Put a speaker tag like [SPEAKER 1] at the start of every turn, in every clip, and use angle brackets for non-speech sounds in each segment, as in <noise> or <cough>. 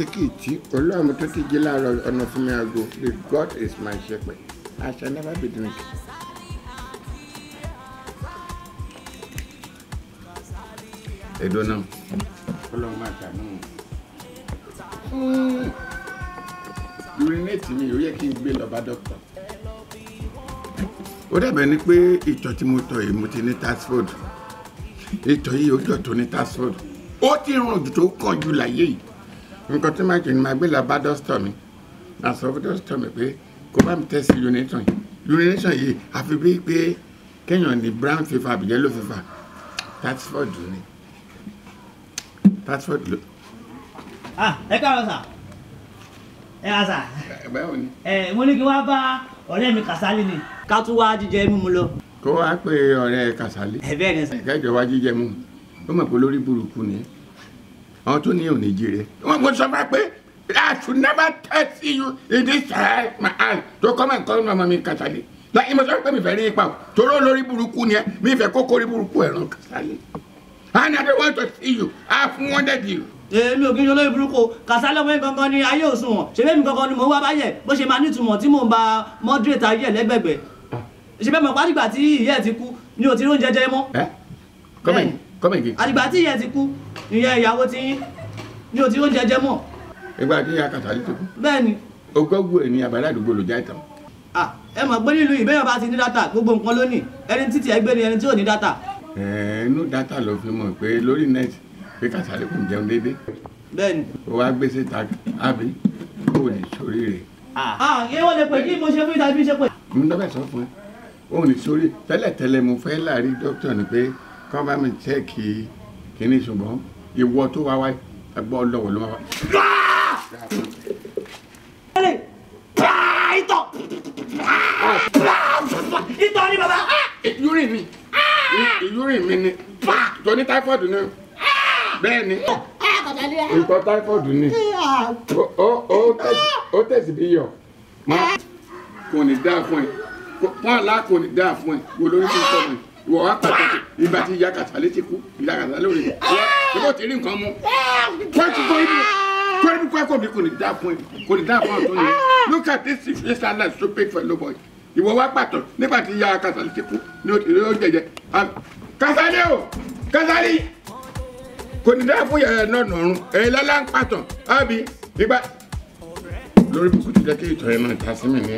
[SPEAKER 1] Òsíkìtì olóòmù tó ti jí láàárọ̀ ọ̀nà fún mi àgbo with God is my shepherd I shall never be drink. Edo náà. Ọlọ́run máa ṣàánú. Urinate mi ò yẹ kí n gbé lọ bá dọ́kítà. Ó dàbẹ̀ ni pé ìtọ̀ tí mo tọ̀ yìí mo ti ní tasford. Ìtọ̀ yìí ó jọ̀ tó ní tasford. Ó ti ràn jù tó kàn láyé yìí nǹkan tí màá ṣe ni màá gbé làbá dọ́sítọ̀ mi màá sọ fún dọ́sítọ̀ mi pé kó bá mi tẹ́sí urination yìí urination yìí àfi bíi pé kéèyàn ní brown fever àbí yellow fever tatford ni tatford ló.
[SPEAKER 2] ah ẹ káàárọ̀ sà ẹ wá sà
[SPEAKER 3] ẹ mo ní kí wá bá ọ̀rẹ́ mi Kàsálí ni ká tún wá jíjẹ
[SPEAKER 1] mímu lọ. kó wá pé ọ̀rẹ́ Kàsálí. ẹ bẹ́ẹ̀ ni sà. kẹjọ wá jíjẹ mímu ó mọ̀ pé lórí burúkú ni àwọn tó ní òní jíire wọn kò sọ fún pé I should never test you in this time my hand tó come and call ọmọ mi Kasali láyé mo sọ pé mi fẹ́ rí ipa o torí olórí burúkú ni ẹ mi fẹ́ kókó rí burúkú ẹ̀ràn Kasali and I don't want to see you I have wanted you. èmi ò kí n ṣe olórí burúkú Kasali ọmọ yìí gangan ni ayé òṣùwọ̀n ṣe bẹ́ẹ̀ mi gangan ni mo wá báyẹ̀ bó ṣe máa
[SPEAKER 2] nítumọ̀ tí mò ń ba moderate ayé ẹ̀ lẹ́gbẹ̀gbẹ̀ ah. ṣe bẹ́ẹ̀ mọ̀ pé àdìgbà tí ìyá ẹ̀ ti kú ni ò ti rí oúnjẹ jẹ mọ́.
[SPEAKER 1] ẹ kọ́mẹ̀gì kọ́mẹ̀gì. àdìgbà tí ìyá ti kú ìyá ìyàwó ti yín ní òtí oúnjẹ jẹ mọ́. ìgbà tí ìyá Kàsálí ti kú. bẹ́ẹ̀ni. ògbógbò ẹ̀ ní abala àdúgbò ló já ìtàn.
[SPEAKER 2] à ẹ mọ̀ pé nílùú ìbéèyàn bá ti ní dátà gbogbo nǹkan ló ní ẹni títí ẹ gbé ni ẹni
[SPEAKER 1] tí ò ní dátà. ẹ inú dátà ló fi mọ̀ pé lórí net pé Kàsálí kò jẹun déédéé. bẹ́ẹ̀ni. o wa gbé síta àbí kò ní sórí rẹ̀.
[SPEAKER 4] à
[SPEAKER 2] yẹ wọ́n lè pè kí mo ṣe fún ìdájú iṣẹ́ pé.
[SPEAKER 1] mo dábàá sọ fún ẹ òun ní sórí tẹ́lẹ̀tẹ́lẹ̀ mo fẹ́ láàrin dókítà ni pé kọ́ bá mi chẹ́ẹ̀kì kìíní ṣùgbọ́n ìwọ tó wá wáyé ẹgbọ́ ọlọ́wọ́ ló máa wá. ìtọ̀ ìtọ̀ ni bàbá. ìyúrìn mi ìyúrìn mi ni tó ní táífọ̀dù ni bẹ́ẹ̀ ni ìtọ̀ táífọ̀dù ni ó tẹ̀sí bí yọ kò ní dáa fún ẹ pọ́n àlá kò ní dáa fún ẹ wò lórí tó ń sọ mi ìwọ wá pàtàkì ìgbà tí ìyá kàtàlé ti kú ìyá kàtàlé ò lè mú ìbò tí rí nǹkan mú pẹ́ẹ́tù tó ibi pẹ́ẹ́tù kọ́kọ́ mi kò ní dá fún ẹ kò ní dá fún ọ̀tún yẹn look at this situation and I'm so big for nobody ìwọ wá pàtó nígbà tí ìyá kàtàlé ti kú ní òtí ló jẹjẹ um, Kasali o Kasali kò ní dá fún yẹ̀yẹ̀ náà nọ̀rùn ẹ̀ lọ́lá ń pàtó àbí ìgbà lórí burúkú ti jẹ́ kí ìtọ́ yẹn náà já sí mi ní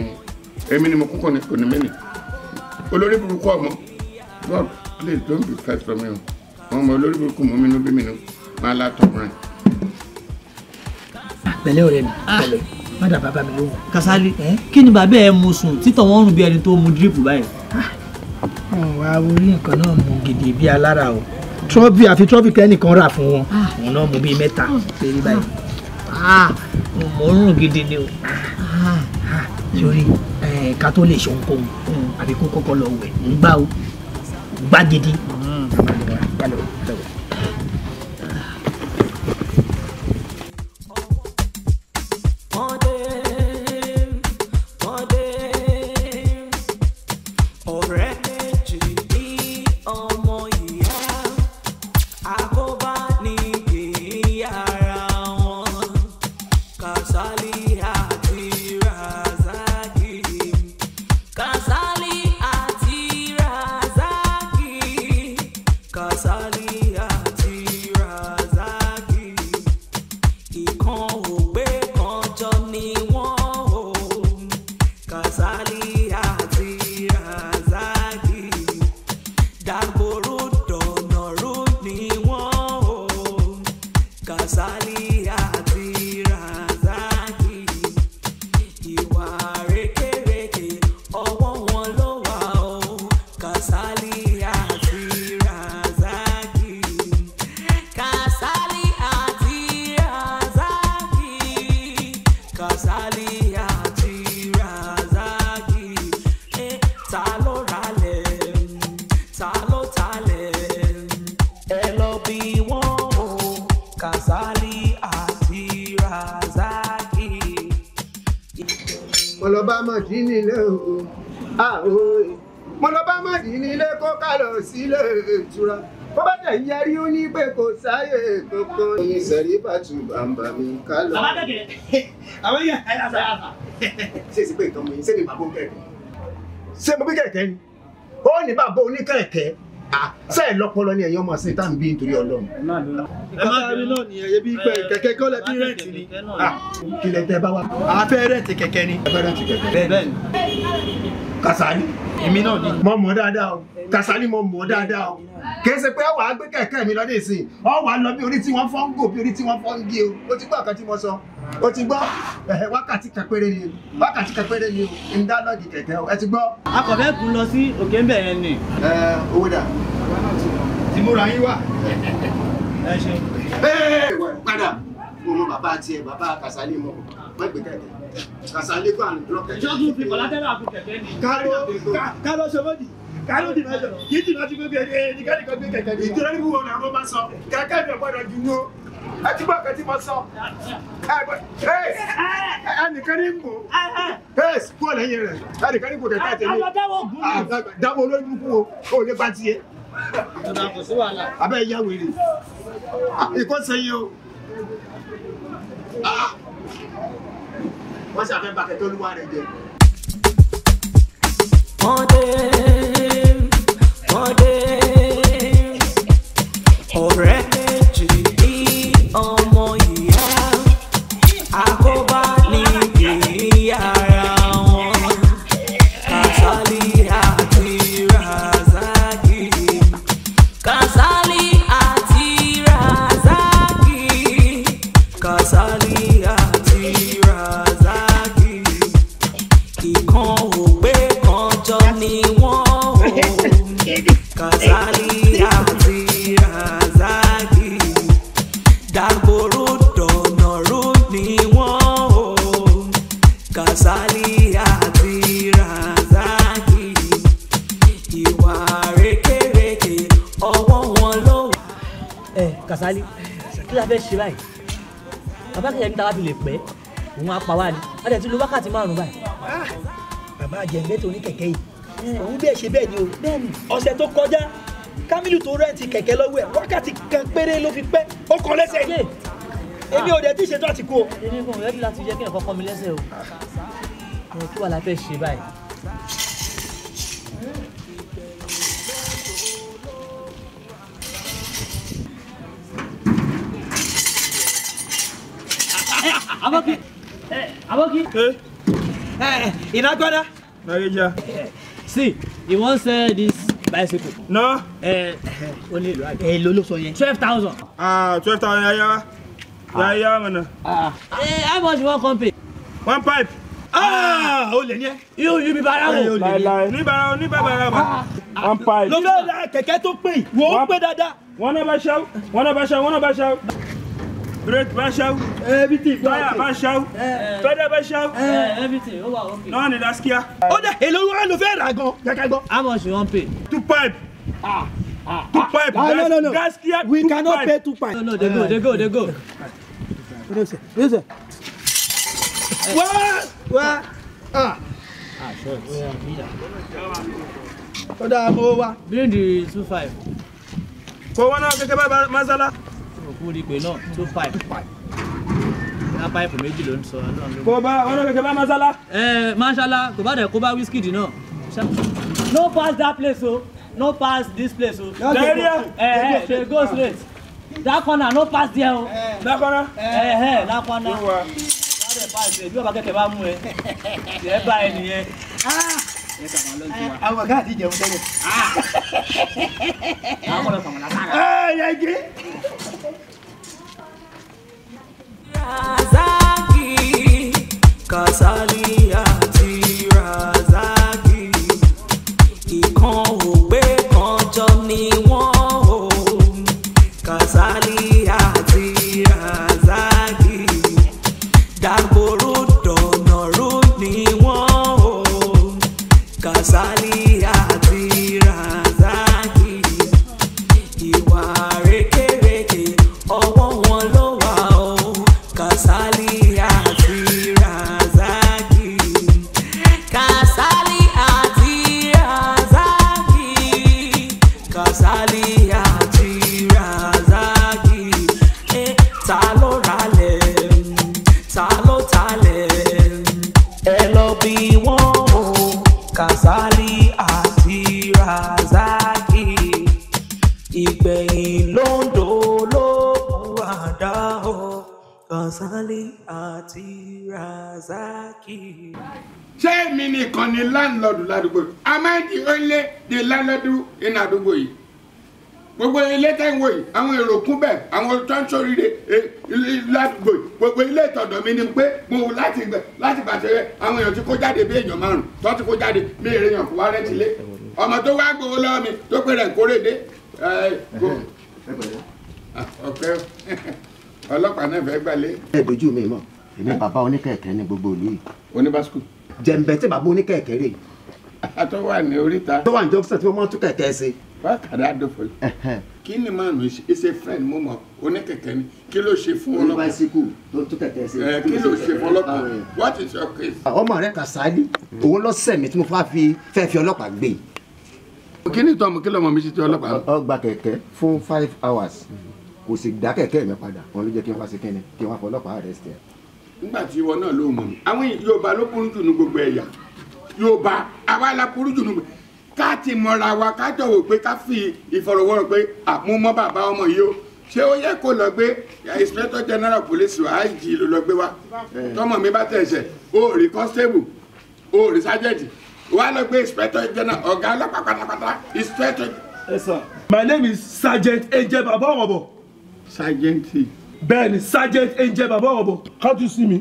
[SPEAKER 1] èmi ni mo kúkọ ní kò ní mí nì olórí burúkú ọmọ please don't be fast for me o wọn mọ olórí burúkú mú mi nú bí mi nú máa látọ̀ rẹ̀.
[SPEAKER 2] àpẹlẹ ọ̀rẹ́ mi ah. pẹ̀lẹ́ padà bàbá mi lóhùn. Kasali kí ni bàbá ẹ mu sùn títọ̀ wọn rùn bí ẹni tó mu dírípù báyìí. wọn ah. wá orí nǹkan náà mu gidi bí alára o trọ́fì àfi trọ́fì kẹ́nìkan rà fún wọn ah. òun náà mu bíi mẹ́ta lórí báyìí mo ń rùn gidi ni o sórí eh, ká tó lè ṣe ohunkóhun hmm. àbí kó kọ́kọ́ lọ wẹ̀ ń gbá o gbá gidi. Mm. mọ̀dínì lé o àwọ̀ mo lọ bá mọ̀dínì lé kó ká lọ sílé ìtura bó bá tẹ̀ ń yarí ó ní pé kò sáyè kókó. oyin sẹ̀rí bàtú bàǹbà mi ká lọ. àwọn akẹ́kẹ́ àwọn yẹn àyà sá àbà. ṣé èsì pé nǹkan ṣé mi bàbá ó ṣé mo bí kẹ̀kẹ́ ni ó ní bàbá oníkẹ̀kẹ́ sẹ́ẹ̀ lọ́pọlọ ni ẹ̀yin ọmọ sí tá à ń bí nítorí ọlọ́run. ẹ máa rí náà nìyẹn ebi pé kẹ̀kẹ́ kọ́ lẹ bí rẹ́ǹtì ni ah, kí lẹ tẹ bá wa. a fẹ́ rẹ́ǹtì kẹ̀kẹ́ ni. a fẹ́ rẹ́ǹtì kẹ̀kẹ́. bẹ́ẹ̀ Kasali èmi náà ni mo mọ̀ dáadáa o Kasali mo mọ̀ dáadáa o kìí ṣe pé wàá gbé kẹ̀kẹ́ mi lọ́dẹ̀ sí i ọ wàá lọ bí orí tí wọ́n fọ́ ń gò bí orí tí wọ́n fọ́ ń gé o o ti gbọ́ ọ̀kan tí mo sọ o ti gbọ́ wákàtí kẹpẹrẹ ni wákàtí kẹpẹrẹ ni o ń dá lọ́ọ̀dì kẹ̀kẹ́ o ẹ ti gbọ́.
[SPEAKER 3] akọ̀fẹ́ kù lọ sí òkè ń bẹ̀ yẹn ni. ẹ
[SPEAKER 2] owó dà tí mo ra yín wá. ẹ ṣe. padà mo mọ bàbá tiẹ̀ bàbá Kasali mọ̀ má gbé kẹ̀kẹ́ Kasali go and drop kẹ̀kẹ́. ìjọ́sùn fi kọ̀látẹ́lá àfi kẹ̀kẹ́ ni. kálọ̀ sọ́mọ́dì kálọ̀ di mẹ́jọ kì í ti lọ́ọ́ ti gbé kẹ̀kẹ́ ní kẹ́kẹ́ gbé kẹ̀kẹ́ ni. ìjọba níbi wo ni àwọn máa sọ kẹ̀kẹ́ mi gbọ́dọ̀ ju wo ẹ ti gbọ́ kẹ́tí mo sọ ẹnìkan ní kò kú ọ̀lẹ́yìn rẹ̀ ẹnìkan ní kò kẹ̀kẹ́ tẹ̀lé dáwọ́ ah, olóyún kú o ò lè bá tiẹ̀ abẹ́ wọ́n ṣàfẹ́ bàkẹ́ tó lúwa rẹ̀ jẹ. wọ́n dé wọ́n dé ṣe báyìí bàbá kẹ̀kẹ́ ní tàwa fi lè pẹ́ òun á pa wá ni a dẹ̀ ti lo wákàtí márùn-ún báyìí. Ah! bàbá àjẹ̀ǹgbẹ́ tó ní kẹ̀kẹ́ yìí hmm. òun bẹ́ẹ̀ ṣe bẹ́ẹ̀ ni o ọ̀sẹ̀ tó kọjá Kamilu tó rẹ́ǹtì kẹ̀kẹ́ lọ́wọ́ ẹ̀ wákàtí kan péré ló fi pẹ́ ó kàn lẹ́sẹ̀ yìí èmi ò dẹ̀ tí ì ṣètò àtìkú o. Ah. èmi kò rẹ́ẹ̀dì láti jẹ́ kí ẹ̀kọ́ kọ́ mi lẹ́sẹ̀ o. kí wàá la ṣe báyìí.
[SPEAKER 3] Aboki. Eh, Aboki. Hey. Eh.
[SPEAKER 2] Hey, Inagwana. Marija. See, he wants sell this bicycle. No. Eh, eh only ní èlò àgbẹ̀. Èlò ló sọ Twelve thousand. Ah, twelve thousand yaya. Yaya mana. Ah, ah. Eh, how much you wan come pay? One pipe. Ah, ó lè you ẹ. Yóò yí mi bàrà wò. Láìláì. Ní bàrà One pipe. Lọ́dọ̀ kẹ̀kẹ́ tó pè, wò ó pè One Wọ́n náà bá ṣá, wọ́n náà bá ṣá, wọ́n náà bá bread, bá eh, Everything bá ṣáwó. Táyà eh. bá ṣáwó. Pẹ́dẹ́ eh, Everything ó wà okay. Náà ni Daskia. Ó dẹ̀ èlò wa ló fẹ́ rà gan. Kẹ́kẹ́ gan. How much you wan pay? Two pipe.
[SPEAKER 3] Ah. Ah,
[SPEAKER 2] two ah. pipe. Ah, no, no, no. Daskia, We cannot pipe. pay two pipe. No, no, they go, they go, they go. Wá! Wá! Ah! Ah, short. Ó dáa mo wá. Bring the two five. Kò wọ́n náà kékeré bá masala kú rí pé náà two five bá páìpù méjì ló ń sọ ọlọ́run. kò bá ọlọ́run kò bá masala. ẹ masala kò bá dẹ̀ kó bá Wizkid náà.
[SPEAKER 4] no pass that place o no pass this place o. the area ẹ ẹ
[SPEAKER 3] dey go straight that corner no pass there o. Eh, that corner. ẹ eh, ẹ eh, that corner. wíwá. wọ́n dẹ̀ pass ẹ̀ bí ọba kẹ̀kẹ́ bá mú ẹ ẹ bá
[SPEAKER 2] ẹ nìyẹn àwọn ọ̀gá àti ìjẹun tẹ́lẹ̀. Ah.
[SPEAKER 5] <laughs> àwọn ọ̀gá àti ìjẹun tẹ́lẹ̀.
[SPEAKER 4] Cause I need a
[SPEAKER 1] èmi nìkan ni láńlọ́ọ̀dù ládùúgbò am I the only the in àdúgbò yìí gbogbo ilé tẹ́wọ̀ yìí àwọn èrò kún bẹ́ẹ̀ àwọn tó ń sóríire e, ládùúgbò yìí gbogbo ilé ìtọ̀dọ̀ mi ni pé mo láti gbẹ láti gbàtẹ́ rẹ àwọn èèyàn ti kó jáde bí èèyàn márùn tó ti kó jáde bí èrè èèyàn kò wá rẹ́tí lé ọmọ tó wá gbowó lọ́wọ́ mi tó pé rẹ̀ kórèdé ọ̀pẹ́ ọlọ́pàá náà fẹ́ gbalẹ̀. ẹ dojú mi mọ èmi bàbá oníkẹ̀kẹ́ ní gbogbo ìlú yìí. oníbàṣkù jẹ̀ǹbẹ̀tẹ̀ bàbá oníkẹ̀kẹ́ rè. tó wà ní oríta. tó wà ní junction tí wọ́n mọ́ tún kẹ̀kẹ́ ṣe. bákàrà àdófò kí ni màá nù ṣe ṣe friend mo mọ oníkẹ̀kẹ́ ni kí ló ṣe fún ọlọ́pàá. oníbàṣíkù tó tún kẹ̀kẹ́ ṣe. kí ló ṣe fún ọlọ́pàá what is your case. Ah, ọmọ rẹ Kasali òun lọ sẹ̀mí tí mo fẹ́ fi ọlọ́pàá gbé yìí kí ni tọmọ kí lọmọ mi ṣe ti ọlọ́pàá. ọgbà kẹ̀kẹ́ fún five hours kò sì dá kẹ̀kẹ́ mi padà wọn ló jẹ́ kí n wá sí kínní kí n fọ ọlọ́pàá arrest ẹ̀ nígbà tí náà ló mọ̀ mi àwọn Yorùbá ló burú jù ní gbogbo ẹ̀yà Yorùbá àwa la burú jù ní ká ti mọ̀ra wa ká jọ̀wọ́ pé ká fi ìfọ̀rọ̀wọ́rọ̀ pé àmú mọ́ bàbá ọmọ yìí o ṣé ó yẹ kó lọ gbé inspector general police wa IG ló lọ gbé wa tọmọ mi bá tẹ̀sẹ̀ ó rí constable ó rí sergeant wa lọ gbé inspector general ọ̀gá ọlọ́pàá pátápátá inspector. ẹ sọ my name is sergeant ejeba bọ́wọ̀bọ̀. sergeant bẹ́ẹ̀ ni sergeant angel bàbá ọ̀bọ̀ how do you see me.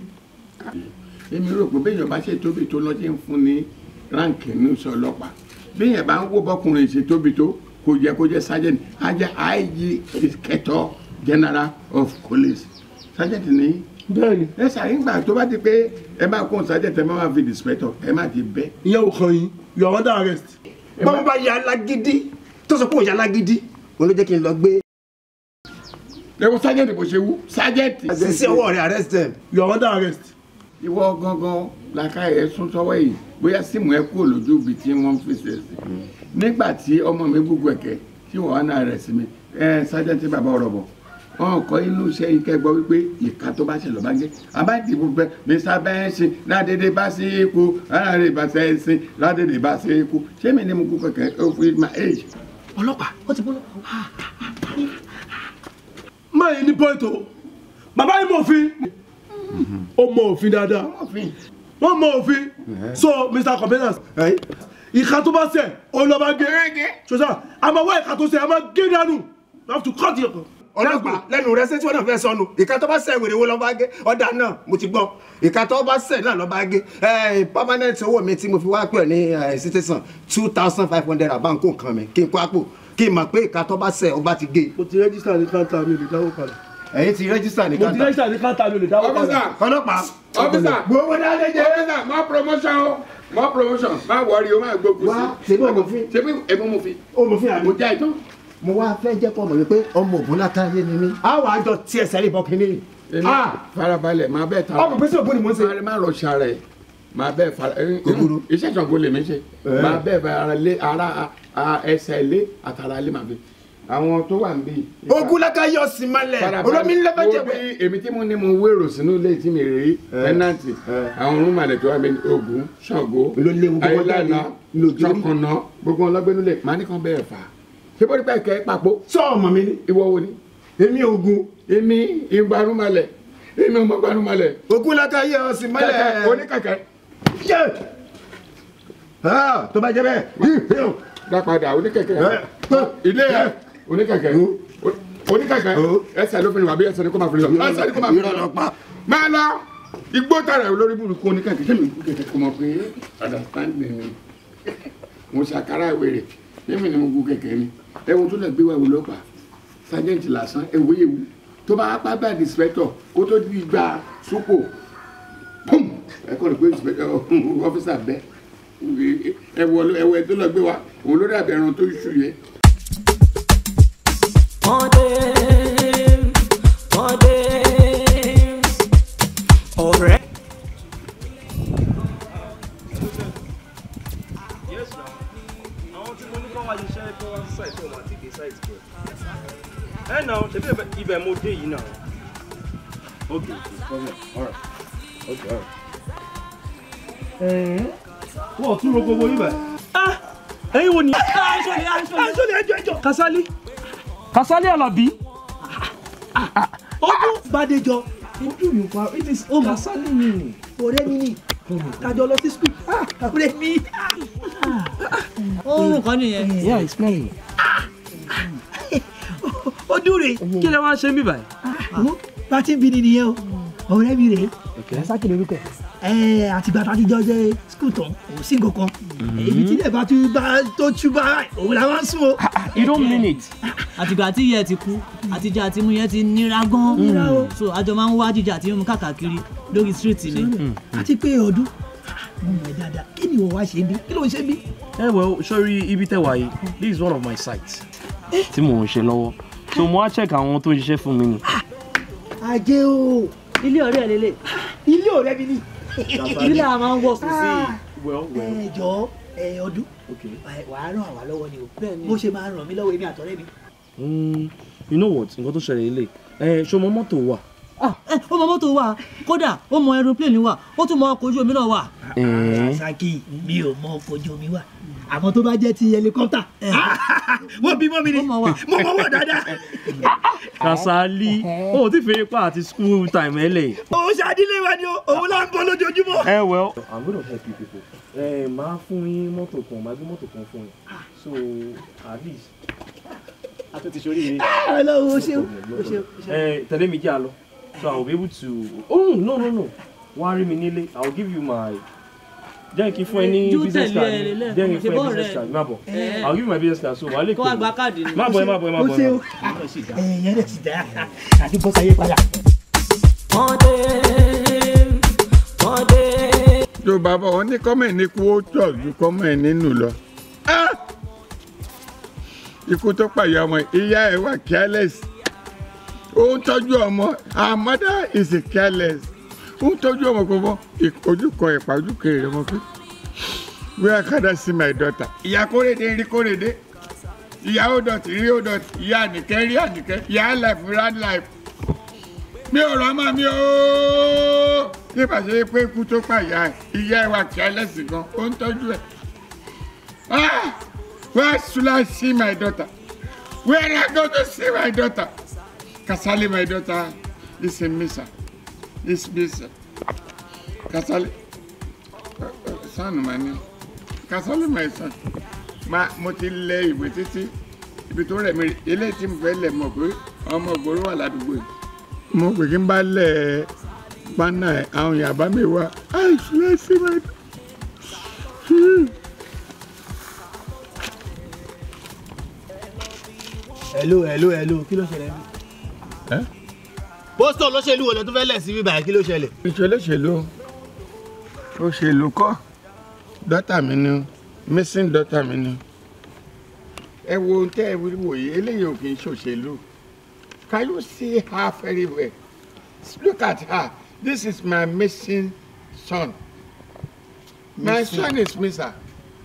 [SPEAKER 1] èmi rò pé béèyàn bá ṣe tóbi tó lọ́jọ́ ń fún ní ránkì ní sọ ọlọ́pàá béèyàn bá ń wó bọ́kùnrin ṣe tóbi tó kò jẹ́ kó jẹ́ sergeant ajá IG ìkẹtọ́ general of police sergeant ni. bẹ́ẹ̀ni. ẹ ṣàyìn gbà tó bá ti pé ẹ máa kó sergeant ẹ máa fi dispector ẹ máa ti bẹ́. ìyẹn ò kàn yín you are under arrest. bọ́n bá yà á lágídí tó sọ pé òun yà á lágídí òun ló jẹ́ kí lẹ́wọ́ sájẹ́ǹtì bó ṣe wú sájẹ́ǹtì. sisi ọwọ́ rẹ̀ arrest them. you are under arrest. ìwọ gangan làkà ẹ̀ sún sọ́wọ́ yìí bóyá símù ẹ kúrò lójú ibi tí wọ́n fi ṣe sí. nígbà tí ọmọ mi gbogbo ẹ̀kẹ́ tí wọ́n wá náà rẹ̀ sí mi ẹ sájẹ́ǹtì bàbá ọ̀rọ̀ bọ̀ wọn kọ inú iṣẹ́ ike gbọ́ wípé ìka tó bá ṣe lọ bá gé abáǹdì gbogbo mr bẹ́ẹ̀nsì ládédé bá sí ikú ládédé bá sí ẹ̀sìn ládédé bá sí ikú ṣé mi ni mo kú kẹ̀kẹ́ ó fi my age. ọlọ́pàá ó ti bọ́ lọ́pàá máa yìí ní pọ́ìntì o bàbá
[SPEAKER 2] yìí mọ òfin ó mọ òfin dáadáa wọ́n mọ òfin so mr complainant ìka tó bá ṣẹ̀ olùbá gé ṣoṣà àmọ́ wá ìka tó ṣẹ̀ àmọ́ gé dànù you have to cut your ọlọ́gbà lẹ́nu rẹ sẹ́tí wọn náà fẹ́ sọnù ìka tó bá ṣẹ̀ wèrè wo lọ́ba gé ọ̀dà náà mo ti gbọ́ ìka tó bá ṣẹ̀ náà lọ́ba gé permanent owó mi tí mo fi wá pẹ̀ ní citizen two thousand five hundred àbáǹkó nǹkan mi kí n kó àpò kí n mọ̀ pé ìka tó bá sẹ̀ ọba ti gé. mo ti rẹ́jísítà ní káńtà mi lè dáwọ́ padà. ẹ̀yin ti rẹ́jísítà ní káńtà. mo ti
[SPEAKER 1] rẹ́jísítà ní káńtà mi lè dáwọ́ padà. ọlọ́pàá ọfíìsà gbowó dáadé jẹ ọfíìsà má promotion o má promotion má wọrí o má gbógun sí. wá ṣebí òmùfin. ṣebí èmi òmùfin. òmùfin àná. mo já ẹ tán. mo wá fẹ́ jẹ́ kọ́ mọ̀ wípé ọmọ ògùn látàrí ni mí. a wàá jọ tiẹ̀ sẹ́rí bọ́kínní. Ah! farabalẹ̀ máa bẹ́ẹ̀ ta. ọmọ pẹ́sẹ̀ òbó ni mo ń ṣe. má rọ̀ ṣàrẹ̀ máa bẹ́ẹ̀ fara eh, eh, iṣẹ́ Ṣàngó lèmi ṣe eh. máa bẹ́ẹ̀ fara lé ara ẹsẹ̀ lé àtàrà lé màbí àwọn tó wà níbí. ogun laka yọ sí malẹ olómi ńlẹbẹ jẹbẹ. mo bí èmi tí mo ní mo wérò sínú ilé tí mi rí pẹnanti àwọn ọrùn màlẹ tó wà mí ogun Ṣàngó ayélujá tọkànnà gbogbo ọlọgbẹnulẹ màá ní kan bẹ́ẹ̀ fà á ṣé bó ní pẹ́ kẹ́ pàpó. sọ ọmọ mi ni. ìwọ wo ni. èmi ogun. èmi ìgbàrún malẹ èmi ọmọ ìgbàrún malẹ. ogun laka yọ sí malẹ. oníkàkẹ́ tó bá jẹ́ bẹ́ẹ̀. dápadà oníkẹ̀kẹ́ eh, eh. ilé ẹ̀ eh. oníkẹ̀kẹ́ oníkẹ̀kẹ́ ẹsẹ̀ ló fi lọ àbí ẹsẹ̀ ni kò máa fi lọ ẹsẹ̀ ni kò máa fi lọ máa lọ igbó tara olórí burúkú oníkẹ̀kẹ́ sẹ́mi kẹ̀kẹ́ kò mọ̀ pé understanding ni mo ṣàkárà wèrè mímì ni mo gun kẹ̀kẹ́ ni ẹ̀wọ̀n tó lọ gbé wa ìwọlọ́pàá sergeant lásán ẹ̀wọ̀ yẹ̀wù tó bá pa bad inspector kó tó di gba súpò pum ẹ kọ́ ló pé ọ́fíìsà bẹ́ ẹwọ ẹwọ ẹ tó lọ gbé wa òun ló dàbí ẹran tó ṣù yẹ.
[SPEAKER 4] ọ̀rẹ́.
[SPEAKER 2] ẹ náà ṣe bí ibẹ̀ mo dé yìí náà. ok no problem all right wọ́n tún ro gbogbo ibẹ̀. Ah! ẹ̀yin wo ni. ansoli ẹjọ ẹjọ. Kasali Kasali Alabi. ojú Bàdéjọ. ojú mi pa it is omo. Kasali mi. ọ̀rẹ́ mi ni kájọ lọ sí skul ah, ọ̀rẹ́ mi. Ah. oorun kan nìyẹn. yeah it's me. ojú rẹ̀ kí lè wá ṣe mí báyìí. bá a ti ń bi ni nìyẹn o ọ̀rẹ́ mi rèé. Rasaki lórúkọ ẹ àtìgbà tá a ti jọ jẹ skul tán kò sí nǹkan kan ibi mm-hmm. tí ilẹ̀ bá tún bá tó tú bá òun la wá sùn o. Ah, ah, you don't mean it. àtìgbà tí yẹ ti kú àtijọ́ àti mú yẹn ti nira gan-an so àjọ máa ń wá jíjà àti mímu káàkiri lórí street ni. Mm-hmm. Mm-hmm. àti pé ọdún ah, mo mọ̀ dáadáa kí ni ìwọ wá ṣe bí kí ló ń ṣe bí. ẹ eh, wẹ sọrí ibi tẹwàá yìí this is one of my sites tí mò ń ṣe lọ́wọ́ so mo á check àwọn tó ń ṣiṣẹ́ fún mi ni. àjẹ́ o ilé ọ̀rẹ́ ẹ̀ lélẹ̀ ilé ọ̀rẹ́ mi ni ilé àwọn máa ń wọ̀ sùn sí ah. ẹjọ ọdún ràn wá lọ́wọ́ ni o bó ṣe máa ràn mí lọ́wọ́ èmi àtọ̀rẹ́ mi. Hmm, you know what nǹkan tó ṣẹlẹ̀ ilé ṣé ọmọ mọ́tò wà. Ah, ó mọ mọ́tò wà kódà ó mọ aeroplane wà ó tún mọ ọkọ̀ ojú omi náà wà. saki mi ò mọ ọkọ̀ ojú omi wà àmọ́ tó bá jẹ́ ti helicopter <laughs> wọ́n bímọ mi ni mo mọ̀ wọ̀ dáadáa. <laughs> Kasali o ò tí fi ipa àti school time ẹ lẹ. òun ṣàdílé wa ni òun là ń bọ́ lójoojúmọ́. ẹ wẹ. I'm gonna help you people ẹ máa fún yín mọ́tò kan máa gbé mọ́tò kan fún yín ah. so at least a tún ti ṣorí yìí. Ah, ọlọ́run o ṣeun o ṣeun. ẹ tẹ̀lé mi jẹ́ àlọ́ so I will be able to oh no no no wá rí mi nílé I will give you my jẹ́ kí fún ẹ ní business card jẹ́ kí fún ẹ business card má bọ̀ i'll give you my business card so wà á lè kó má bọ̀ ẹ má bọ̀ ẹ má bọ̀ ẹ.
[SPEAKER 1] ẹ̀yẹ́ rẹ̀ ti dá
[SPEAKER 2] àdúgbò sáyé padà.
[SPEAKER 1] yorùbá bọ̀ wọ́n ní kọ́mẹ̀ ní kú ó tọ̀ ju kọ́mẹ̀ nínú lọ. ikú tó pàyọ ọmọ ìyá ẹ̀ wà careless ó ń tọ́jú ọmọ her mother is careless ń tọ́jú ọmọ kan mọ́ ojúkọ ìpà ojúkọ èrè mọ́ pé where can I my daughter ìyá kórèdé rí kórèdé ìyá ó dọ̀tí rí ó dọ̀tí ìyá ànìkẹ́ rí ànìkẹ́ ìyá life round life mi ò rọ́mọ mi ooo nípa ṣe pé ikú tó pa ìyá ẹ̀ ìyá ẹ̀ wà kí ẹlẹ́sìn gan ó ń tọ́jú ẹ̀ ah where should I see my daughter where I go to see my daughter Kasali my daughter is in Misa. Bisbis uh, Kasali uh, uh, son my name Kasali my son ma mo ti lẹ ìwé títí ibi tó rẹ̀ mi rí eléyìí tí mo fẹ́ lẹ̀ mọ̀ pé ọmọ ògbóró wà ládùúgbò yìí. mo pè kí n bá lẹ pánà ẹ àwọn yàrá mi wá àìsílẹ̀ sí mi.
[SPEAKER 2] hello hello hello kí ló ṣẹlẹ̀ bí pósítọ̀ olóṣèlú wo lẹ tún
[SPEAKER 1] fẹ́ lẹ̀ sí bíbá kí ló ṣẹlẹ̀. ìṣe olóṣèlú olóṣèlú kọ́ dọ́tà mi ni missing dọ́tà mi ni ẹ wo ohun tẹ́ ẹ wòye eléyìí ò kì í ṣòṣèlú can you see her very well look at her this is my missing son my son is missing.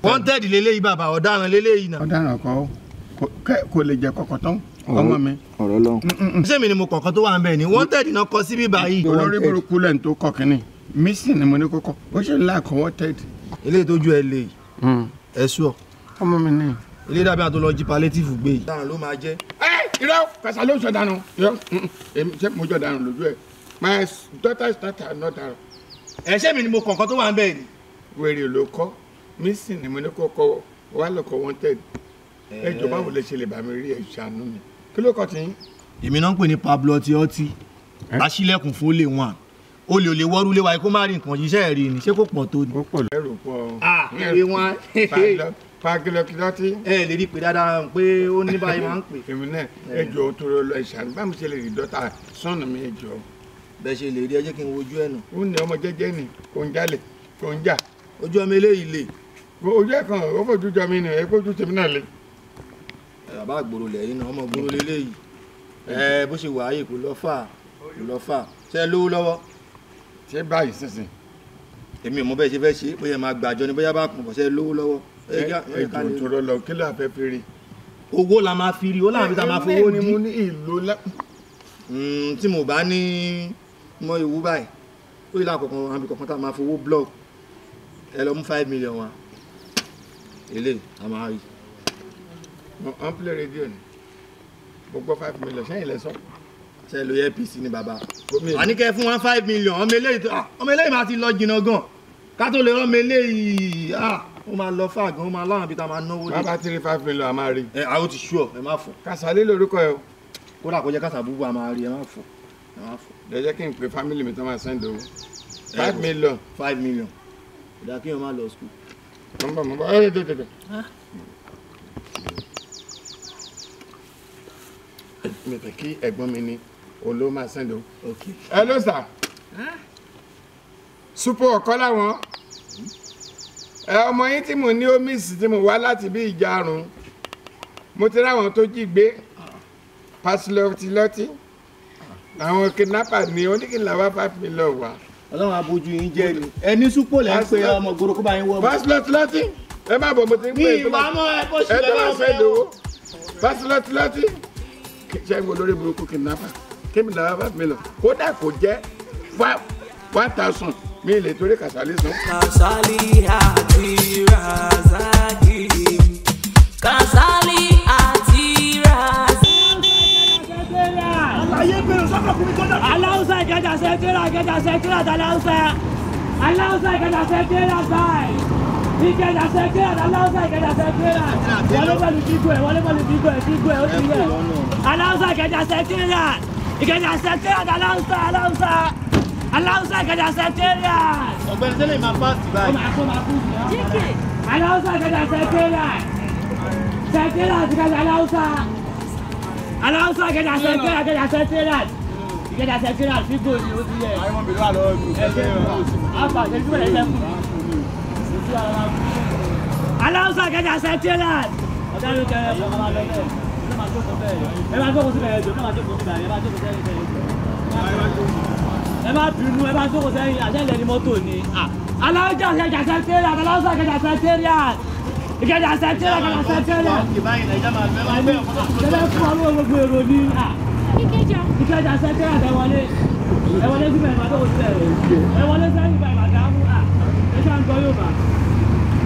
[SPEAKER 1] wanted lélẹ́yìí bàbá ọ̀daràn lélẹ́yìí náà. ọ̀daràn kan kò lè jẹ́ kọ̀kọ̀ tán ọmọ mi ọ̀rọ̀ lọ́hùn. Mm,
[SPEAKER 2] mm, mm. ṣé mi ni mo kọ̀ọ̀kan tó wà ń bẹ̀ ni wọ́n tẹ̀dí náà
[SPEAKER 1] kọ síbí báyìí. olórí burúkú lẹ́nu tó kọ kínní mísìn ni mo ní kọ́kọ́ ó ṣe ńlá kan wọ́n tẹ̀dí. ilé ìtọ́jú ẹ lè ẹ sùọ. ọmọ mi ni. ilé dàbí àtọlọ́jì palliative gbé yìí. dáhùn ló máa jẹ́. ẹ irọ́ fẹsà ló sọ dànù irọ́ èmi ṣé mo jọ dànù lójú ẹ my daughter is not an order. ẹ ṣé mi ni mo kọ̀ọ̀kan tó wà ń bẹ̀ ni. wèrè ló kọ́ mísìn ni mo ní kọ́kọ́ wà lọ́kọ̀ wanted ẹ jọba wo lè ṣe lè bá mi rí ẹ ṣàánú mi
[SPEAKER 2] kí ló kọ tiyín. èmi náà ń pè ní Pablo ti ọtí aṣílẹ̀kùn fún olè wọn o lè o lè wọ́rú lé wa kó má rí nǹkan ṣiṣẹ́ rí ni ṣé kò pọ̀ tó ni. ó pọ̀
[SPEAKER 1] lẹ́rù pọ̀ o. a èrè wọn.
[SPEAKER 2] pagilọkilọtí. ẹ lè rí i pé dáadáa pé ó ní báyìí máa ń
[SPEAKER 1] pè. èmi náà ẹjọ tó rẹ lọ ìṣàánú báwo ṣe lè rí dọ́tà sọ́nà mi ẹjọ. bẹ́ẹ̀ ṣe lè rí ẹ jẹ́ kí n wojú ẹ̀ nù. ó ní ọmọ jẹ́jẹ́ ni kò ń jalè kò ń jà. ojú ọmọ eléyìí le. ojú ẹ̀ kan ó fojú jọ mi nù ẹ fojú tèmi náà le bàbá àgbòrò lẹ́yìn náà ọmọ gbòrò lélẹ́yìí ẹ bó ṣe wà ayé kò lọ́fà kò lọ́fà ṣe lówó lọ́wọ́. ṣé báyìí sísìn. èmi ò mọ bẹ́ẹ̀ ṣe fẹ́ ṣe bóyá máa gbàjọ ni bóyá bá kùn bọ̀ ṣe lówó lọ́wọ́. ẹ ẹ jò tó lọ lọ kí ló fẹ́ fi rí. owó la máa fi rí owó làwọn fi ta máa fowó di. mo ní ìlú la. Hmm, tí mo bá ní
[SPEAKER 2] mọ ìwú báyìí ó yìí lákọ̀ọ́kan àmì kọ̀ọ̀kan tá a máa fowó blọọ̀kì ẹ lọ mú five million wa eléyìí a máa rí
[SPEAKER 1] ọ̀n pílẹ̀ rédíò ni mo five million sẹ́yìn lẹ́sọ̀ ṣe lo apc ni bàbá. àníkẹ́
[SPEAKER 2] fún one five million ọmọ eléyìí ah, ọmọ eléyìí máa ti lọ jìnnà gan ká tó lè ọmọ eléyìí ah, ó máa lọ fáàgán ó máa láwọn ibi tá a máa náwó lé. bàbá
[SPEAKER 1] three five million a máa rí. ẹ àwọn ti ṣú ọ ẹ má fọ. kàsálé lórúkọ ẹ o. kódà kó jẹ́ kàsà búbú a máa rí ẹ má fọ ẹ má fọ. ẹ jẹ́ kí n pe family mi tó máa send owó. five million. five million. ìdá kí n máa lọ school. mo ń bọ̀ mo ń bọ̀ ẹ tètè tètè. mi tẹ̀ kí ẹ̀gbọ́n mi ni olóò máa sẹ́ndì o. ẹ ló sà súpọ̀ ọ̀kọ́ làwọn ẹ ọmọ yín tí mo ní omiisi tí mo wá láti bí ìjarun mo ti ráwọn tó jí gbé pasilọtilọti àwọn kidnapper ni oníkìlá wá five million wá. ọlọ́run abojú yín jẹ́ ni ẹni súpọ̀ lẹ́ ń pe ọmọ gorokó bá yín wọ́. pasilọtilọti ẹ má bọ̀ mo ti ń pè é. mi ìwà mọ́ ẹ kó sílẹ̀ lọ́wọ́ mi. ẹ tó wá fẹ́ lówó pasilọtilọti ṣẹ́gun olórí burúkú kidnapper kémi làwọn bá mi lọ kódà kò jẹ́ one thousand mi lè torí kàṣálí san. kàṣálí àti
[SPEAKER 4] razaki kàṣálí àti
[SPEAKER 3] razaki.
[SPEAKER 4] àlàyé bèrè sọ́kàn fún mi tó dà.
[SPEAKER 3] aláwùsá ìkẹjà sẹ́kẹ́rà ìkẹjà sẹ́kẹ́rà tàlẹ́ àwùsá aláwùsá ìkẹjà sẹ́kẹ́rà báyìí ìkẹjà sẹkẹ aláwùsá ìkẹjà sẹkẹ rà wọlé pẹ̀lú kíkọ ẹ wọlé pẹ̀lú kíkọ ẹ kíkọ ẹ ó ti yẹ aláwùsá ìkẹjà sẹkẹ rà ìkẹjà sẹkẹ rà aláwùsá aláwùsá aláwùsá ìkẹjà sẹkẹ rà. ọ̀gbẹ́ni tẹ́lẹ̀ máa bá ti báyìí. ó máa kó máa kú sí i. aláwùsá ìkẹjà sẹkẹ rà sẹkẹ rà ìkẹjà aláwùsá aláwùsá ìkẹjà sẹkẹ rà ìkẹjà sẹkẹ rà ìkẹjà sẹkẹ rà fígò ni ó
[SPEAKER 2] ti yẹ. àwọn ọmọ mi ló wà lọ́wọ́ mi. ẹ
[SPEAKER 3] aláwùsà kẹjà sẹtílẹt. ọ̀dọ́ yóò kẹ́ ẹ máa lọ bẹ́ẹ̀ ẹ máa jókòó bẹ́ẹ̀ ẹ máa jókòó síbẹ̀ ẹjọ́ ẹ máa jókòó síbẹ̀ ẹ máa jókòó sẹ́yìn sẹ́yìn. ẹ má bínú ẹ máa jókòó sẹ́yìn àtẹ̀lẹ́ ni mọ́tò ni. aláwùsà kẹjà sẹtílẹt aláwùsà kẹjà sẹtílẹt ìkẹjà sẹtílẹt kẹjà sẹtílẹt. ìkẹjà fún ọlọ́wọ́ gbogbo èrò ni. ìkẹjà sẹtílẹt ẹ wọlé ẹ wọlé síbẹ̀ ẹ máa jókòó síbẹ̀ ẹ wọlé sẹ́yìn bàbá dáhùn ẹ ṣáà ń gbọ́ yóò bá.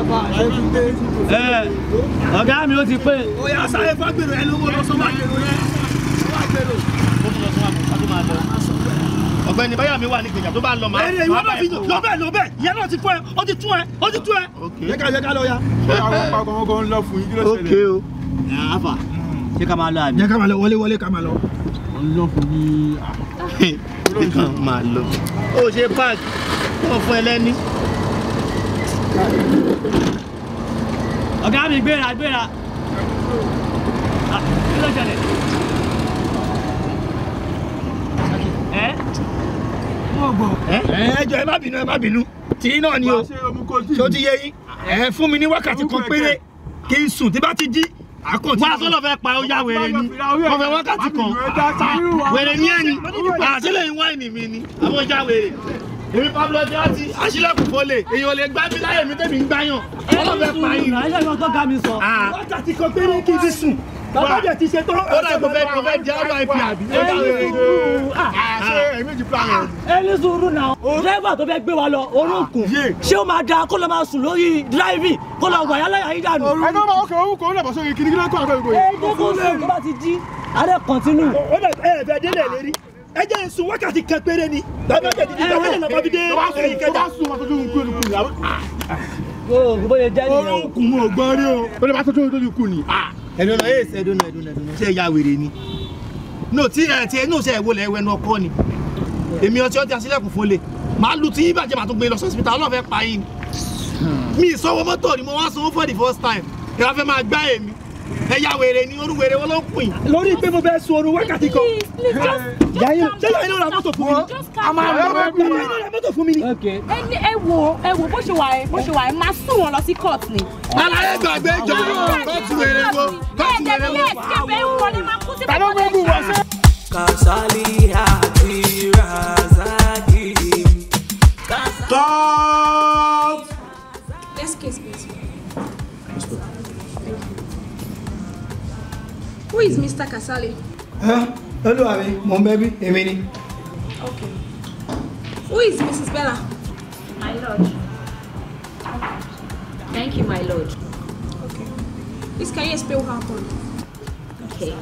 [SPEAKER 3] ọ̀gá
[SPEAKER 2] mi ó ti pé. ó yá sáré fagbèrò ẹ lówó lọ sọ́wọ́ àgbèrò yẹn sọ́wọ́ àgbèrò. ọ̀gbẹ́ni báyà mi wà ní gbèjà tó bá lọ máa. èrè ìwọ náà fi lọ bẹ́ẹ̀ lọ bẹ́ẹ̀ ìyẹn náà ti fún ẹ ó ti tún ẹ ó ti tún ẹ. yẹ ká yẹ ká lọ ya. ṣé àwọn pàgọ́ wọn gan lọ fún yín kí ló ṣẹlẹ̀. ókè o àfà ṣé ká máa lọ àbí. jẹ́ ká máa lọ wọlé wọlé ká máa lọ. wọ́n lọ fún mi. kí kan máa lọ. ó ṣe páàkì wọ́n fún ẹ lẹ́ni ọ̀gá ah, eh? eh? eh, mi gbéra gbéra kí ló ṣẹlẹ̀ ẹ náà ni o tó ti yé yín fún mi ní wákàtí kan péré kí n sùn tí bá ti jí àkọ́tí. wọ́n sọ́lọ́ fẹ́ pa ọjà wèrè ni wọ́n fẹ́ wákàtí kan wèrè ní ẹni àṣìlẹ̀ wáìnì mi ni àwọn ọjà wèrè èmi pablo ọjọ́ ti aṣílẹ̀kùn fọlé èèyàn lè gbá mi láyé mi tẹ́mi ń gbáyàn ọlọ́fẹ́ pààyàn. ẹ ṣe ìwọ tó ga mi sọ. Ah. ọjà ti kọ pé ní kí n ti sùn bàbá jẹ ti ṣe tó. ó dà gbọ́dọ̀ kò fẹ́ jẹ́ ọ̀rọ̀ ìpè àbí. ẹni sùúrù náà dírẹ́fà tó fẹ́ gbé wa lọ orúnkún
[SPEAKER 3] ah, ṣé ó máa da kó lọ máa sùn lórí dírẹ́fì kó lọ wà yálà yàrá
[SPEAKER 2] ìdànù. ẹ máa ọkọ̀ orúkọ ó lọ́bọ̀ sórí kìnnìkìnnì kó àgbẹ̀ ìgò yìí. ẹ jẹ́ kó sùn tó bá ti jí adé kọ̀ntínú. ó lè ẹ ẹ jẹ́ sùn wákàtí kan péré ni bàbá bẹ̀ dídí bàbá yẹn lọ́kọ́ bí dé ẹ̀yìn kẹta. tó bá sùn wọn tó dún kú ẹnu kù ni. Ah. bóyá jẹ́ ni. ọ̀rọ̀ òkun wọn ò gbọ́n rí o. ó lè bá tó tó dún kù ni. ẹ̀dùnà ah. ẹ̀ẹ́sì ẹ̀dùnà ẹ̀dùnà ẹ̀dùnà ṣé ya wèrè ni. no ti eh, ẹ ti ẹnu ṣe ìwọlẹ̀ ẹwẹ́ nu ọkọ ni. èmi ọtí ọtí asílẹ̀kùn fọlẹ̀ màá lu ti ìbàjẹ́ màá tó gbé e lọ sọ́sibítà ọlọ́fẹ́ pa yín. mi ìsọwọ́ mọ́tò ni mo wá sanwó for the first time. ìràfẹ́ máa gbá èmi ẹ̀yà wèrè ni orú wọn ló ń pin. lórí pé mo fẹ́ sun oorun wákàtí kan. yàyẹ ṣé yàyẹ ló ra mọ́tò fún mi. a máa lọ bẹ́ẹ̀ bí yàyẹ ló ra mọ́tò fún mi ni.
[SPEAKER 5] ẹ wo ẹ wo bó ṣe wà ẹ bó ṣe wà ẹ máa sùn wọn lọ sí court ni. aláyé gbàgbé jọ kóòtù wèrè wo kóòtù wèrè wo. tàbí gbogbo wọn ṣe.
[SPEAKER 4] Kasali àti Razaki.
[SPEAKER 5] tọ́ọ̀. Who is Mr. Kasali?
[SPEAKER 2] Huh? Hello, Abi. Mom, baby. Emini. Okay.
[SPEAKER 5] Who is Mrs. Bella? My lord. Thank you, my lord. Okay. Please, can you spell her for Okay.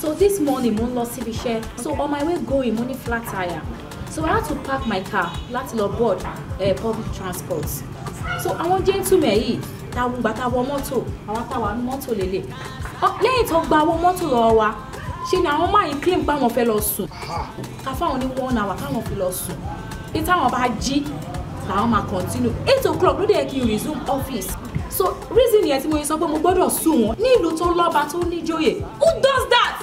[SPEAKER 5] So this morning, mo ń lọ síbi iṣẹ́. So on my way going, money flat tire. So I had to park my car láti lọ board uh, public transport. So I àwọn gentlemen yìí, táwọn gbàtà wọ mọ́tò, àwọn táwọn mọ́tò lélẹ̀ lẹ́yìn tó gba owó mọ́tò lọ́wọ́ wa ṣe ni àwọn máa ń claim pé àwọn fẹ́ lọ sùn ká fáwọn ní one hour káwọn fi lọ sùn pé táwọn bá jí làwọn máa continue eight o'clock ló dẹ̀ kí n resume office so reason yẹn tí mo sọ pé mo gbọ́dọ̀ sùn wọn ní ìlú tó lọ́ba tó níjòyè who does that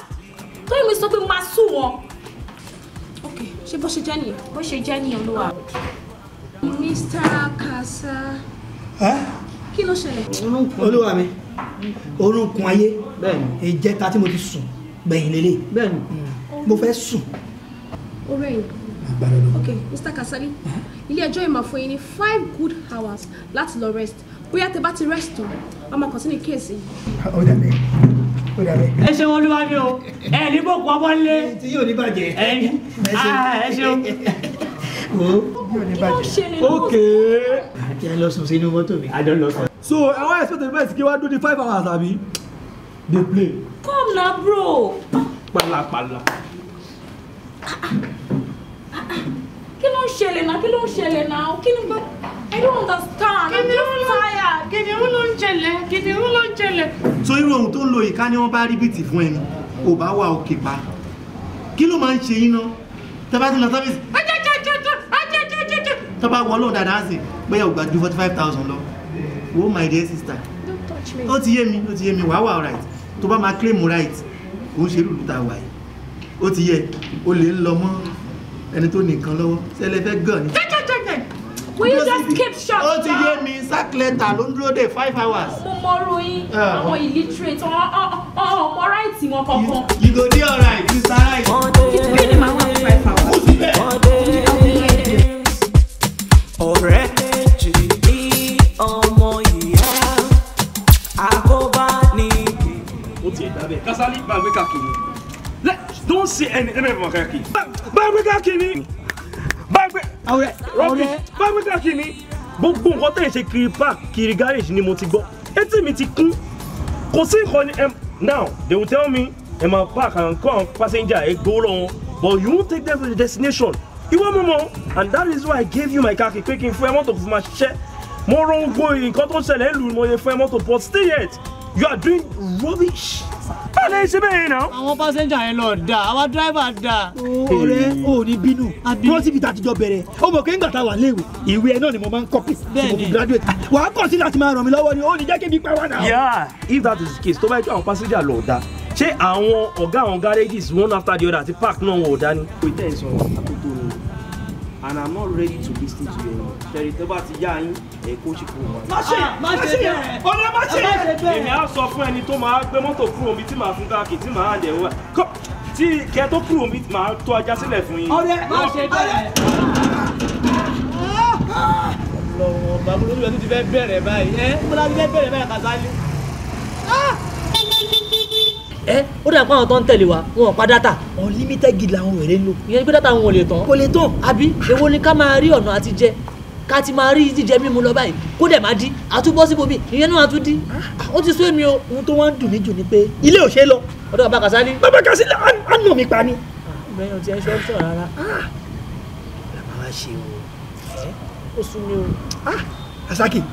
[SPEAKER 5] tó yẹ mi sọ pé mo máa sùn wọn ok ṣé bó ṣe jẹ́ nìyẹn bó ṣe jẹ́ nìyẹn ló Mr. Kasa. kí ló ṣẹlẹ̀. olúwa
[SPEAKER 2] mi orúnkún ayé ìjẹta tí mo ti sùn gbẹ̀yìn lélẹ̀ hmm. mo fẹ́ sùn.
[SPEAKER 5] ok Mr. Kasali uh-huh. ilé ẹjọ́ ìmọ̀ fún yín ní five good hours láti lọ rest bóyá tẹ bá ti rest tán a máa kàn sí ní kéèsì. ó dàbẹ̀
[SPEAKER 2] ó dàbẹ̀.
[SPEAKER 3] ẹ ṣeun olúwa mi o ẹ ní bò kú ọmọ nílé. tí yóò ní bàjẹ́. ẹ ṣeun.
[SPEAKER 2] o yóò ní bàjẹ́. ókè àti à ń lọ sùn mi. àjọ so ẹ wá expect the best kí wá dúró di five hours àbí
[SPEAKER 1] dey play.
[SPEAKER 5] come na bro.
[SPEAKER 1] pàlàpàlà.
[SPEAKER 5] kí ló ń ṣẹlẹ̀ náà kí ló ń ṣẹlẹ̀ náà kí ni bá i don't understand i'm just tired. kìnìún ló ń ṣẹlẹ̀ kìnìún ló ń ṣẹlẹ̀.
[SPEAKER 2] so irú ohun tó ń lo ìka ni wọ́n bá rí fún ẹni ò bá wà òkè pa kí ló máa ń ṣe yín náà tẹ ti lọ sábẹ́sì. ajá ajá ajá ajá ajá ajá. tọ́ bá wọ ọlọ́run dáadáa sí i bóyá ò gba ju forty five thousand lọ wo oh, my dear sister ó ti yé mi ó ti yé mi wàá wà right tó bá máa claim right kò ń ṣe lùlù tá a wà yìí ó ti yẹ o lè ń lọ mọ ẹni tó nìkan lọ́wọ́ sẹ́lẹ̀ fẹ́ gàn ni.
[SPEAKER 5] Will you just keep short? Ó ti yé
[SPEAKER 2] mi sack letter ló ń dúró de five hours.
[SPEAKER 5] Mo mọ ròyìn ah. àwọn illiterate ọmọ right wọn kankan.
[SPEAKER 4] You go dey alright, you sara yi. Kìtìkì ni màá wà ní five hours. Ó Kasali, man, we got Kini. Let, don't say any, let me have my
[SPEAKER 2] Kini. Bá gbé ká Kini. Bá gbé. Ọ̀rẹ́, ọ̀rẹ́. Bá gbé ká Kini. Gbogbo nǹkan tẹ̀ ṣe kiri park kiri garage ni mo ti gbọ́. Etí mi ti kún. Kò sí nǹkan ni. Now, they will tell me, ẹ máa park and come passenger ẹ gbowó lọ́wọ́. But you won't take them to the destination. Ìwọ mọ̀ mọ̀ and that is why I gave you my car key pé kí n fún ẹ mọ́tò fún ma ṣiṣẹ́. Mo rongo nǹkan tó ṣẹlẹ̀ ń lù mo yẹ fún ẹ mọ́tò but still yet you are doing rubbish báyìí ṣe bẹ́ẹ̀ náà. àwọn pásẹ́njà yẹn lọ da àwa dírẹ́fà da. ọ̀rẹ́ o ò ní bínú bọ́sì bíi tàtijọ́ bẹ̀rẹ̀ ó mọ̀ pé ń gbàtà wà léwu ìwé ẹ náà ni mo máa ń kọ́pì tí graduate. wà á kàn sí láti máa ràn mí lọ́wọ́ ni ó ní jẹ́ kí n bí pa wà náà. yà if that is the case tó bá yẹ kí àwọn pásẹ́njà lọ da ṣé àwọn ọ̀gá àwọn garages one after the other àti park náà wọn ò dání. kò tẹ́ sọ àkókò mi and i'm not ready to lis ten to you. ṣẹ̀rì tó bá ti yá yín ẹ̀ kó ṣì fún ah, má ṣe má ṣe bẹ́ẹ̀ ọ̀rẹ́ má ṣe èmi á sọ fún ẹni tó máa gbé mọ́tò kúrò mi tí màá fún káàkiri tí màá hàndẹ̀ wá tí kẹ tó kúrò mi màá tó ajá sílẹ̀ fún yín. ọ̀rẹ́ má ṣe bẹ́ẹ̀. lọ́wọ́ bàbá olórí ọdún ti fẹ́ bẹ̀rẹ̀ báyìí ẹ́ kúlá ti fẹ́ bẹ̀rẹ̀ báyìí Kàsálí. ẹ ó dà pé àwọn tó ń tẹ̀lé wa wọn ò pa dátà. unlimited gig làwọn wèrè ń lò. ìyẹn pé dátà wọn ò lè tán. kò lè tán àbí èwo ni ká máa rí ọ̀nà àtijẹ ká ti máa rí jíjẹ mímu lọ báyìí kó dẹ̀ máa di àtúbọ́ síbo mi ìyẹn náà àtúndí ah. ó ti sún èmi o. ohun tó wọ́n ń dùn mí jù ni pé ilé ò ṣe lọ. ọ̀dọ̀ bàbá Kasali. bàbá Kasali á nà mí pa ni. mẹ́rin ti ẹ ṣe ọ́pṣọ̀ rárá. Ah. bàbá wa ṣe o ó sún mi o. Ah, Asaki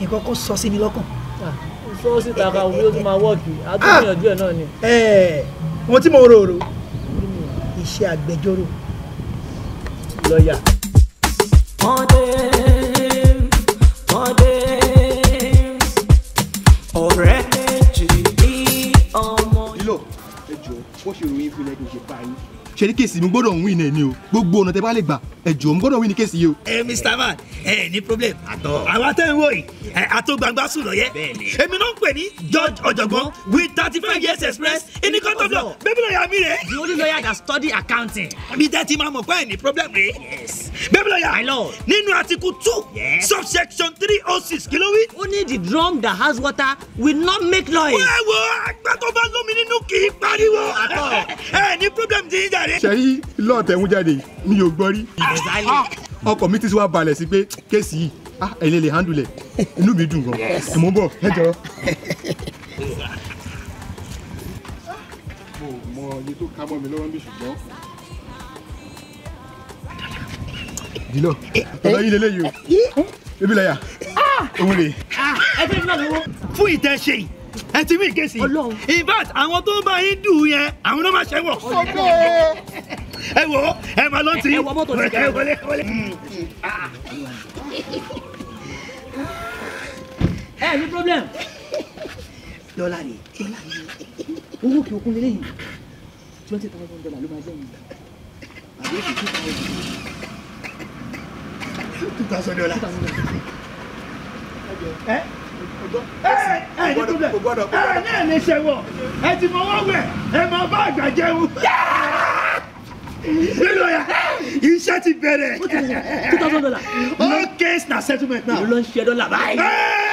[SPEAKER 2] nǹkan kan sọ sí mi lọ́kàn. sọ síta ka òwe ó tún máa wọ́ọ̀kì àtúnyànjú ẹ̀ náà ni. wọn tí mo rò rò iṣẹ́ agbẹjọ́rò lọ́ọ̀yà ṣe ní kéèsì mi gbọ́dọ̀ win ẹ̀ ni o gbogbo ọ̀nà tẹ bá lè gbà ẹ jọ̀ọ́ mo gbọ́dọ̀ win ní kéèsì yìí o. ẹ Mr. Man ẹ ní problem àtọ àwa tẹ ń wò yìí àtọgbàgbà sùn lọyẹ èmi náà ń pè ní George ọ̀jọ̀gbọ́n with thirty five years express in the court of law bẹ́ẹ̀ bí lọ́ọ̀yà mi rẹ̀. the only lawyer that study accounting. mi tẹ́ ti máa mọ̀ pé ẹ ní problem rẹ̀. yes bẹ́ẹ̀ lọ́yà nínú article two subsection three oh six kí ló wí. ó ní the drum that has water will not make noise. wẹ́ẹ̀ wo àgbà tó bá lómi nínú kì í pariwo <laughs> ẹ ní problem ti ń jàre. sẹ́yìn
[SPEAKER 1] lọ́ọ̀tẹ̀ ń jáde mi ò gbọ́ rí. Ah, ọkọ̀ mi ti wá balẹ̀ sí pé kéèsì yìí ah, ẹ̀yin lè handle ẹ̀ inú mi dùn gan ẹ̀ mọ́ bọ̀ ẹ jọ. <laughs> mo mọ iye tó ká mọ́ mi lọ́wọ́ bí ṣùgbọ́n. dìlọ ọ̀dọ̀ eh, yìí lélẹ́yìí o eh, eh, ebi lẹ́yà òun rè.
[SPEAKER 2] ẹ ti lọ lọ́wọ́ fún ìtẹ̀sẹ̀ yìí ẹ ti mí ìkéṣì in fact àwọn tó bá yín dùn yẹn àwọn náà máa ṣe ẹ wọ ẹ máa lọ sí i wọlé wọlé. ẹ ah. ní problem. dọ́là ni dọ́là owó kí okun lélẹ́yìn twenty thousand dollar ló máa jẹ́ yìí two thousand dollars. ẹ ẹ ẹ ní problem ẹ náà ní ṣẹwọ ẹ ti fọwọ́ wẹ̀ ẹ máa bá àgbà jẹun. Nílò ya, iṣẹ́ ti bẹ̀rẹ̀. Two thousand dollars. All case na settlement now. Ìlú ló ń ṣe dọ́là báyìí.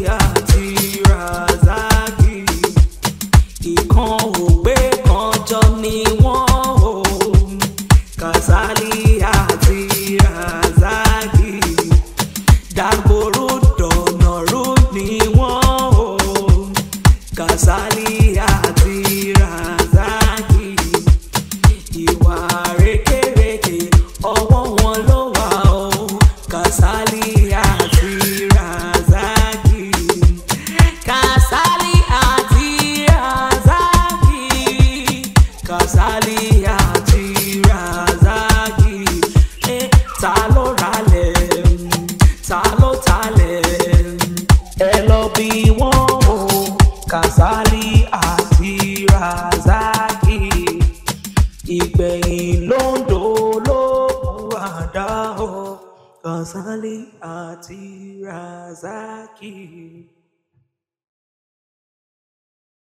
[SPEAKER 4] yeah.